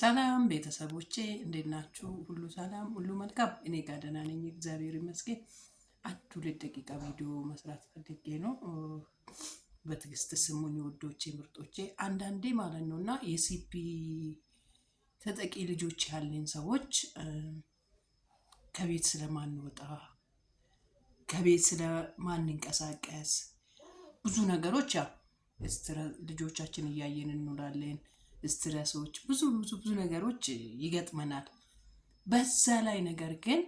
ሰላም ቤተሰቦቼ እንዴት ናችሁ? ሁሉ ሰላም፣ ሁሉ መልካም። እኔ ጋር ደህና ነኝ፣ እግዚአብሔር ይመስገን። አንድ ሁለት ደቂቃ ቪዲዮ መስራት ፈልጌ ነው። በትዕግስት ስሙኝ ውዶቼ፣ ምርጦቼ። አንዳንዴ ማለት ነው እና የሲፒ ተጠቂ ልጆች ያለን ሰዎች ከቤት ስለማንወጣ ከቤት ስለማንንቀሳቀስ ብዙ ነገሮች ያ ልጆቻችን እያየን እንውላለን ስትረሶች፣ ብዙ ብዙ ብዙ ነገሮች ይገጥመናል። በዛ ላይ ነገር ግን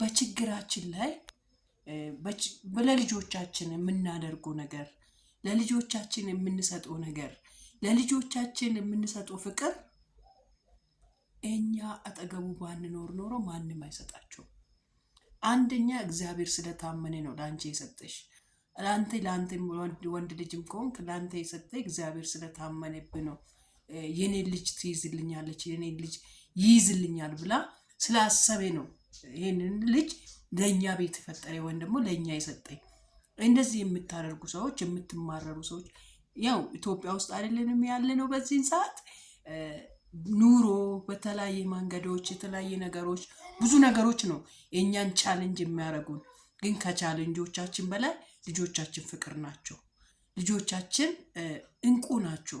በችግራችን ላይ ለልጆቻችን የምናደርገው ነገር፣ ለልጆቻችን የምንሰጠው ነገር፣ ለልጆቻችን የምንሰጠው ፍቅር እኛ አጠገቡ ባንኖር ኖሮ ማንም አይሰጣቸውም። አንደኛ እግዚአብሔር ስለታመነ ነው ለአንቺ የሰጠሽ። ለአንተ ለአንተ ወንድ ልጅም ከሆንክ ለአንተ የሰጠ እግዚአብሔር ስለታመነብ ነው። የኔ ልጅ ትይዝልኛለች፣ የኔ ልጅ ይይዝልኛል ብላ ስላሰቤ ነው ይህንን ልጅ ለእኛ ቤት የፈጠረ ወይም ደግሞ ለእኛ የሰጠኝ። እንደዚህ የምታደርጉ ሰዎች፣ የምትማረሩ ሰዎች ያው ኢትዮጵያ ውስጥ አይደለንም ያለ ነው። በዚህን ሰዓት ኑሮ በተለያየ መንገዶች የተለያየ ነገሮች ብዙ ነገሮች ነው የእኛን ቻለንጅ የሚያደርጉን። ግን ከቻለንጆቻችን በላይ ልጆቻችን ፍቅር ናቸው። ልጆቻችን እንቁ ናቸው።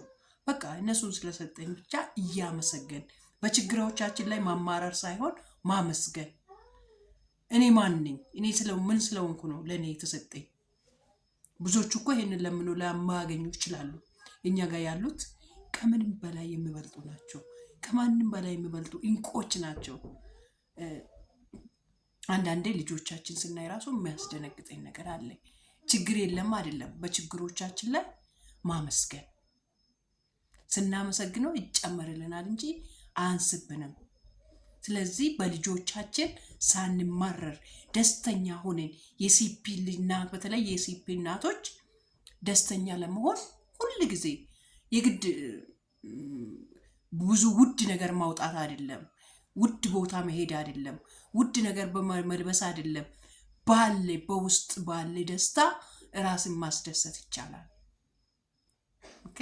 በቃ እነሱን ስለሰጠኝ ብቻ እያመሰገን በችግሮቻችን ላይ ማማረር ሳይሆን ማመስገን። እኔ ማን ነኝ? እኔ ምን ስለሆንኩ ነው ለእኔ የተሰጠኝ? ብዙዎቹ እኮ ይህንን ለምኖ ለማያገኙ ይችላሉ። እኛ ጋር ያሉት ከምንም በላይ የሚበልጡ ናቸው። ከማንም በላይ የሚበልጡ እንቆች ናቸው። አንዳንዴ ልጆቻችን ስናይ ራሱ የሚያስደነግጠኝ ነገር አለኝ። ችግር የለም አይደለም፣ በችግሮቻችን ላይ ማመስገን ስናመሰግነው ይጨመርልናል እንጂ አያንስብንም። ስለዚህ በልጆቻችን ሳንማረር ደስተኛ ሆነን የሲፒ እናት በተለይ የሲፒ እናቶች ደስተኛ ለመሆን ሁል ጊዜ የግድ ብዙ ውድ ነገር ማውጣት አይደለም፣ ውድ ቦታ መሄድ አይደለም፣ ውድ ነገር በመልበስ አይደለም። ባለ በውስጥ ባለ ደስታ ራስን ማስደሰት ይቻላል። ኦኬ